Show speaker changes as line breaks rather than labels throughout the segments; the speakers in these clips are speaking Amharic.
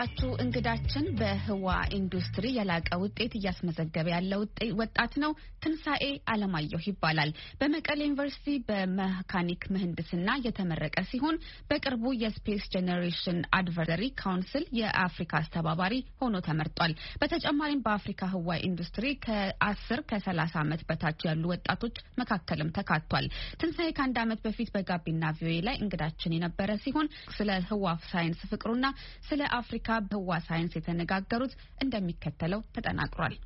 ያደመጣችሁ እንግዳችን በህዋ ኢንዱስትሪ የላቀ ውጤት እያስመዘገበ ያለ ወጣት ነው። ትንሣኤ አለማየሁ ይባላል። በመቀሌ ዩኒቨርሲቲ በመካኒክ ምህንድስና የተመረቀ ሲሆን በቅርቡ የስፔስ ጄኔሬሽን አድቨርሰሪ ካውንስል የአፍሪካ አስተባባሪ ሆኖ ተመርጧል። በተጨማሪም በአፍሪካ ህዋ ኢንዱስትሪ ከአስር ከሰላሳ ዓመት በታች ያሉ ወጣቶች መካከልም ተካቷል። ትንሣኤ ከአንድ ዓመት በፊት በጋቢና ቪኦኤ ላይ እንግዳችን የነበረ ሲሆን ስለ ህዋ ሳይንስ ፍቅሩና ስለ አፍሪካ በህዋ ሳይንስ የተነጋገሩት እንደሚከተለው ተጠናቅሯል።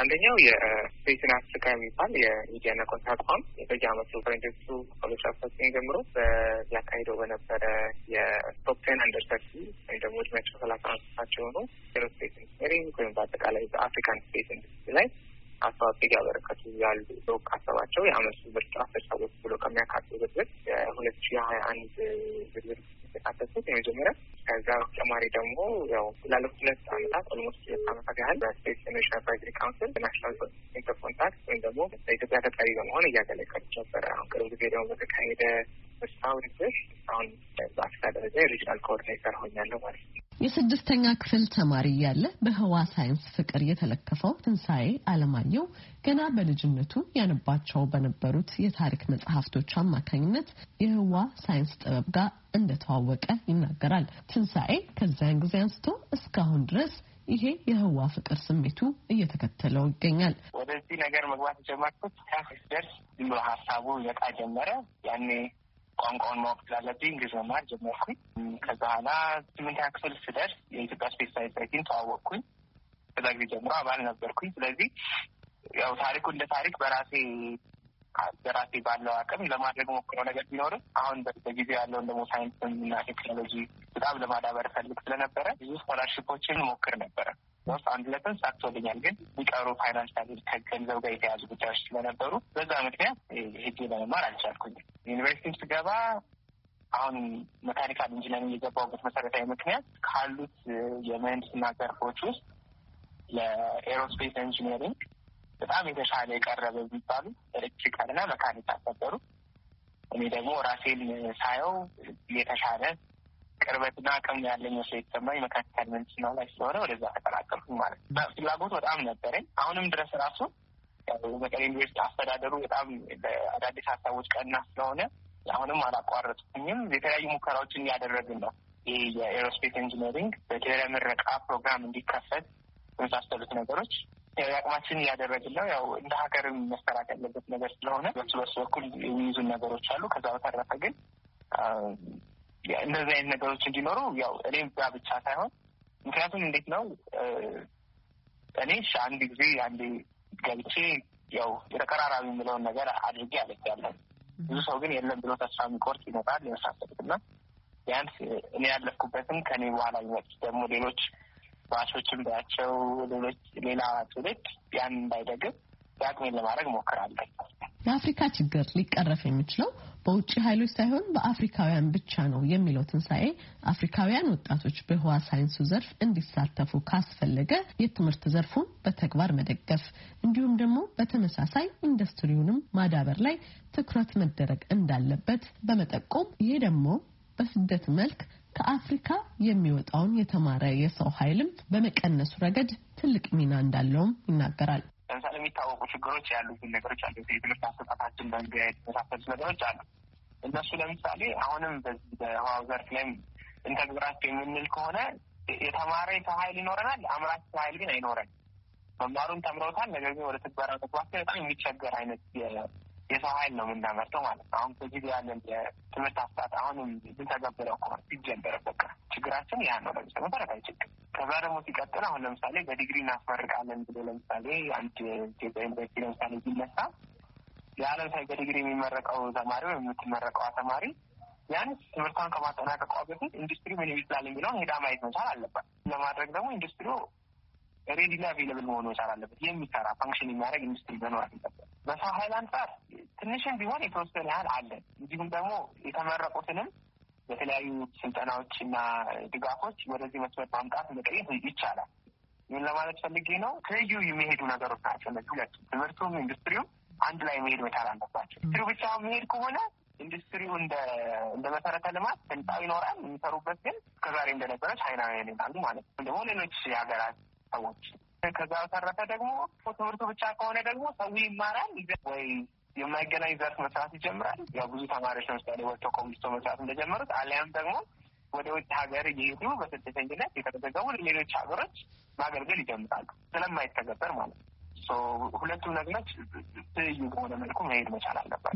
አንደኛው የቤትን አፍሪካ የሚባል የሚዲያና ኮንት አቋም በየአመቱ ፈረንጆቹ ሁለት ሺ አስራ ዘጠኝ ጀምሮ ያካሄደው በነበረ የቶፕ ቴን አንደር ሰርቲ ወይም ደግሞ እድሜያቸው ሰላሳ አንስታቸው የሆኑ ኤሮስፔስ ኢንጂኒሪንግ ወይም በአጠቃላይ በአፍሪካን ስፔስ ኢንዱስትሪ ላይ አስተዋጽኦ እያበረከቱ ያሉ በውቅ አሰባቸው የአመቱ ምርጫ ሀሳቦች ሳይንስ የመጀመሪያ። ከዛ በተጨማሪ ደግሞ ያው ላለፉት ሁለት አመታት ኦልሞስት ሁለት አመታት ያህል በስፔስ ኔሽን አድቫይዘሪ ካውንስል በናሽናል ሴንተር ኮንታክት ወይም ደግሞ በኢትዮጵያ ተጠሪ በመሆን እያገለገልኩ ነበረ። አሁን ቅርብ ጊዜ ደግሞ በተካሄደ በስታ ውድድር አሁን በአፍሪካ ደረጃ የሪጅናል ኮኦርዲኔተር ሆኛለሁ ማለት
ነው። የስድስተኛ ክፍል ተማሪ እያለ በህዋ ሳይንስ ፍቅር የተለከፈው ትንሣኤ አለማየሁ ገና በልጅነቱ ያነባቸው በነበሩት የታሪክ መጽሐፍቶች አማካኝነት የህዋ ሳይንስ ጥበብ ጋር እንደተዋወቀ ይናገራል። ትንሣኤ ከዚያን ጊዜ አንስቶ እስካሁን ድረስ ይሄ የህዋ ፍቅር ስሜቱ እየተከተለው ይገኛል።
ወደዚህ ነገር መግባት የጀመርኩት ደርስ ሀሳቡ ይመጣ ጀመረ ያኔ ቋንቋውን ማወቅ ስላለብኝ እንግሊዝኛ መማር ጀመርኩኝ። ከዛ በኋላ ስምንተኛ ክፍል ስደርስ የኢትዮጵያ ስፔስ ሳይሳይቲን ተዋወቅኩኝ። ከዛ ጊዜ ጀምሮ አባል ነበርኩኝ። ስለዚህ ያው ታሪኩ እንደ ታሪክ በራሴ በራሴ ባለው አቅም ለማድረግ ሞክረው ነገር ቢኖርም አሁን በጊዜ ያለውን ደግሞ ሳይንስ እና ቴክኖሎጂ በጣም ለማዳበር ፈልግ ስለነበረ ብዙ ስኮላርሽፖችን ሞክር ነበረ። ውስጥ አንድ ሁለት ተሳክቶልኛል። ግን የሚቀሩ ፋይናንሻል ከገንዘብ ጋር የተያዙ ጉዳዮች ስለነበሩ በዛ ምክንያት ሄጄ ለመማር አልቻልኩኝም። ዩኒቨርሲቲም ስገባ አሁን መካኒካል ኢንጂነሪንግ የገባሁበት መሰረታዊ ምክንያት ካሉት የምህንድስና ዘርፎች ውስጥ ለኤሮስፔስ ኢንጂነሪንግ በጣም የተሻለ የቀረበ የሚባሉ ኤሌክትሪካል እና መካኒካል ነበሩ። እኔ ደግሞ ራሴን ሳየው የተሻለ ቅርበትና አቅም ያለኝ ሰው የተሰማኝ መካከል ነው ላይ ስለሆነ ወደዛ ተቀላቀልኩ ማለት ነው። ፍላጎት በጣም ነበረኝ። አሁንም ድረስ ራሱ መቀሌ ዩኒቨርሲቲ አስተዳደሩ በጣም በአዳዲስ ሀሳቦች ቀና ስለሆነ አሁንም አላቋረጥኩኝም። የተለያዩ ሙከራዎችን እያደረግን ነው። ይህ የኤሮስፔስ ኢንጂነሪንግ በድህረ ምረቃ ፕሮግራም እንዲከፈት የመሳሰሉት ነገሮች አቅማችን እያደረግን ነው። ያው እንደ ሀገርም መሰራት ያለበት ነገር ስለሆነ በሱ በሱ በኩል የሚይዙን ነገሮች አሉ። ከዛ በተረፈ ግን እነዚህ አይነት ነገሮች እንዲኖሩ ያው እኔም ዛ ብቻ ሳይሆን ምክንያቱም እንዴት ነው እኔ አንድ ጊዜ አንድ ገብቼ ያው የተቀራራቢ የምለውን ነገር አድርጌ አለያለን። ብዙ ሰው ግን የለም ብሎ ተስፋ የሚቆርጥ ይመጣል የመሳሰሉት እና ቢያንስ እኔ ያለፍኩበትም ከኔ በኋላ የሚመጡት ደግሞ ሌሎች ባሾችን ባያቸው ሌሎች ሌላ ትውልድ ያን እንዳይደግም የአቅሜን ለማድረግ እሞክራለሁ።
የአፍሪካ ችግር ሊቀረፍ የሚችለው በውጭ ኃይሎች ሳይሆን በአፍሪካውያን ብቻ ነው የሚለው ትንሣኤ አፍሪካውያን ወጣቶች በህዋ ሳይንሱ ዘርፍ እንዲሳተፉ ካስፈለገ የትምህርት ዘርፉን በተግባር መደገፍ እንዲሁም ደግሞ በተመሳሳይ ኢንዱስትሪውንም ማዳበር ላይ ትኩረት መደረግ እንዳለበት በመጠቆም ይህ ደግሞ በስደት መልክ ከአፍሪካ የሚወጣውን የተማረ የሰው ኃይልም በመቀነሱ ረገድ ትልቅ ሚና እንዳለውም ይናገራል።
ለምሳሌ የሚታወቁ ችግሮች ያሉትን ነገሮች አሉ። የትምህርት አሰጣታችን በንቢያ የተመሳሰሉት ነገሮች አሉ። እነሱ ለምሳሌ አሁንም በዚህ በህዋው ዘርፍ ላይም እንተግብራቸው የምንል ከሆነ የተማረ ሰው ኃይል ይኖረናል፣ አምራች ሰው ኃይል ግን አይኖረን። መማሩን ተምረውታል፣ ነገር ግን ወደ ትግበራ መግባቸው በጣም የሚቸገር አይነት የሰው ኃይል ነው የምናመርተው ማለት ነው። አሁን ከዚህ ጋር ያለን የትምህርት አሰጣጥ አሁንም ብንተገብረው ከሆነ ይጀንበረ በቃ ችግራችን ያ ነው። ለምሳሌ መሰረታዊ ችግር ከዛ ደግሞ ሲቀጥል አሁን ለምሳሌ በዲግሪ እናስመርቃለን ብሎ ለምሳሌ አንድ ኢትዮጵያ ዩኒቨርሲቲ ለምሳሌ ሲነሳ የዓለም ሳይ በዲግሪ የሚመረቀው ተማሪ ወይም የምትመረቀዋ ተማሪ ያን ትምህርቷን ከማጠናቀቋ በፊት ኢንዱስትሪ ምን ይመስላል የሚለውን ሄዳ ማየት መቻል አለባት። ለማድረግ ደግሞ ኢንዱስትሪው ሬዲና አቬለብል መሆኑ መቻል አለበት። የሚሰራ ፋንክሽን የሚያደርግ ኢንዱስትሪ መኖር አለበት። በሰው ኃይል አንጻር ትንሽም ቢሆን የተወሰነ ያህል አለን። እንዲሁም ደግሞ የተመረቁትንም የተለያዩ ስልጠናዎች እና ድጋፎች ወደዚህ መስመር ማምጣት መቀየት ይቻላል። ይህን ለማለት ፈልጌ ነው። ትይዩ የሚሄዱ ነገሮች ናቸው እነዚህ ሁለቱ፣ ትምህርቱም ኢንዱስትሪውም አንድ ላይ መሄድ መቻል አለባቸው። ኢንዱስትሪ ብቻ መሄድ ከሆነ ኢንዱስትሪው እንደ እንደ መሰረተ ልማት ህንፃው ይኖራል። የሚሰሩበት ግን ከዛሬ እንደነበረ ቻይናውያን ይላሉ ማለት ነው፣ ደግሞ ሌሎች የሀገራት ሰዎች። ከዛ በተረፈ ደግሞ ትምህርቱ ብቻ ከሆነ ደግሞ ሰው ይማራል ወይ የማይገናኝ ዘርፍ መስራት ይጀምራል። ያው ብዙ ተማሪዎች ለምሳሌ ወጥቶ ኮሚስቶ መስራት እንደጀመሩት አሊያም ደግሞ ወደ ውጭ ሀገር እየሄዱ በስደተኝነት የተመዘገቡ ሌሎች ሀገሮች ማገልገል ይጀምራሉ። ስለማይተገበር ማለት ነው። ሁለቱም ነገሮች ትይዩ በሆነ መልኩ መሄድ መቻል አለበት።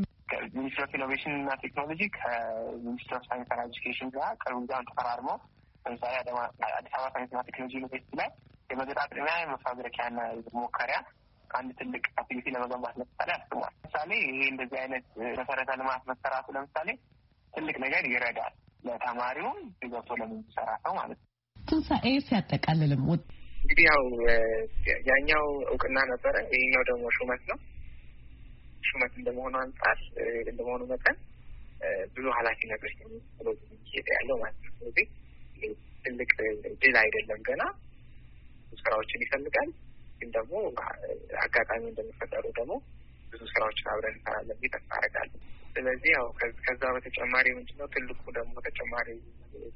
ሚኒስትር ኦፍ ኢኖቬሽን እና ቴክኖሎጂ ከሚኒስትር ኦፍ ሳይንስ ና ኤጁኬሽን ጋር ቅርብ ጊዜውን ተፈራርሞ ለምሳሌ አዲስ አበባ ሳይንስና ቴክኖሎጂ ዩኒቨርሲቲ ላይ የመገጣጠሚያ ና ሞከሪያ አንድ ትልቅ አክቲቪቲ ለመገንባት ለምሳሌ አስቧል። ለምሳሌ ይሄ እንደዚህ አይነት መሰረተ ልማት መሰራቱ ለምሳሌ ትልቅ ነገር ይረዳል፣ ለተማሪውም ገብቶ ለምንሰራ ሰው ማለት ነው።
ትንሳኤ ሲያጠቃልልም
እንግዲህ ያው ያኛው እውቅና ነበረ፣ ይህኛው ደግሞ ሹመት ነው። ሹመት እንደመሆኑ አንጻር እንደመሆኑ መጠን ብዙ ኃላፊነቶች ነው ሄደ ያለው ማለት ነው። ስለዚህ ትልቅ ድል አይደለም ገና ስራዎችን ይፈልጋል። ግን ደግሞ አጋጣሚ እንደሚፈጠሩ ደግሞ ብዙ ስራዎችን አብረን እንሰራለን ብዬ ተስፋ አደርጋለሁ። ስለዚህ ያው ከዛ በተጨማሪ ምንድን ነው ትልቁ ደግሞ ተጨማሪ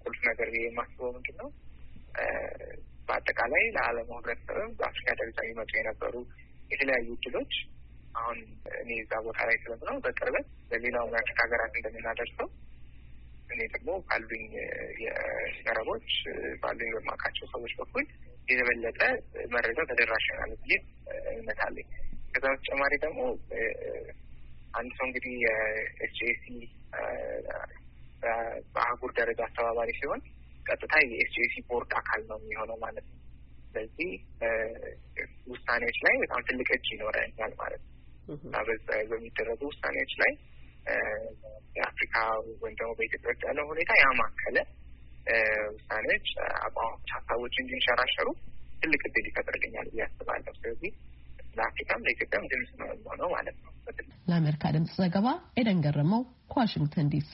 ቁልፍ ነገር ብዬ የማስበው ምንድን ነው በአጠቃላይ ለዓለም ህብረተሰብም በአፍሪካ ደረጃ የሚመጡ የነበሩ የተለያዩ እድሎች አሁን እኔ እዛ ቦታ ላይ ስለምነው በቅርበት ለሌላው አፍሪካ ሀገራት እንደምናደርሰው እኔ ደግሞ ባሉኝ የመረቦች ባሉኝ በማውቃቸው ሰዎች በኩል የበለጠ መረጃው ተደራሽ ይሆናል ብዬ እምነት አለኝ። ከዛ በተጨማሪ ደግሞ አንድ ሰው እንግዲህ የኤስጂኤሲ በአህጉር ደረጃ አስተባባሪ ሲሆን ቀጥታ የኤስጂኤሲ ቦርድ አካል ነው የሚሆነው ማለት ነው። ስለዚህ ውሳኔዎች ላይ በጣም ትልቅ እጅ ይኖረኛል ማለት ነው እና በሚደረጉ ውሳኔዎች ላይ የአፍሪካ ወይም ደግሞ በኢትዮጵያ ውስጥ ያለው ሁኔታ ያማከለ ውሳኔዎች፣ አቋሞች፣ ሀሳቦች እንዲንሸራሸሩ ትልቅ እድል ይፈጥርልኛል ብዬ አስባለሁ። ስለዚህ ለአፍሪካም ለኢትዮጵያም ድምጽ ነው የሚሆነው ማለት ነው።
ለአሜሪካ ድምጽ ዘገባ ኤደን ገረመው ከዋሽንግተን ዲሲ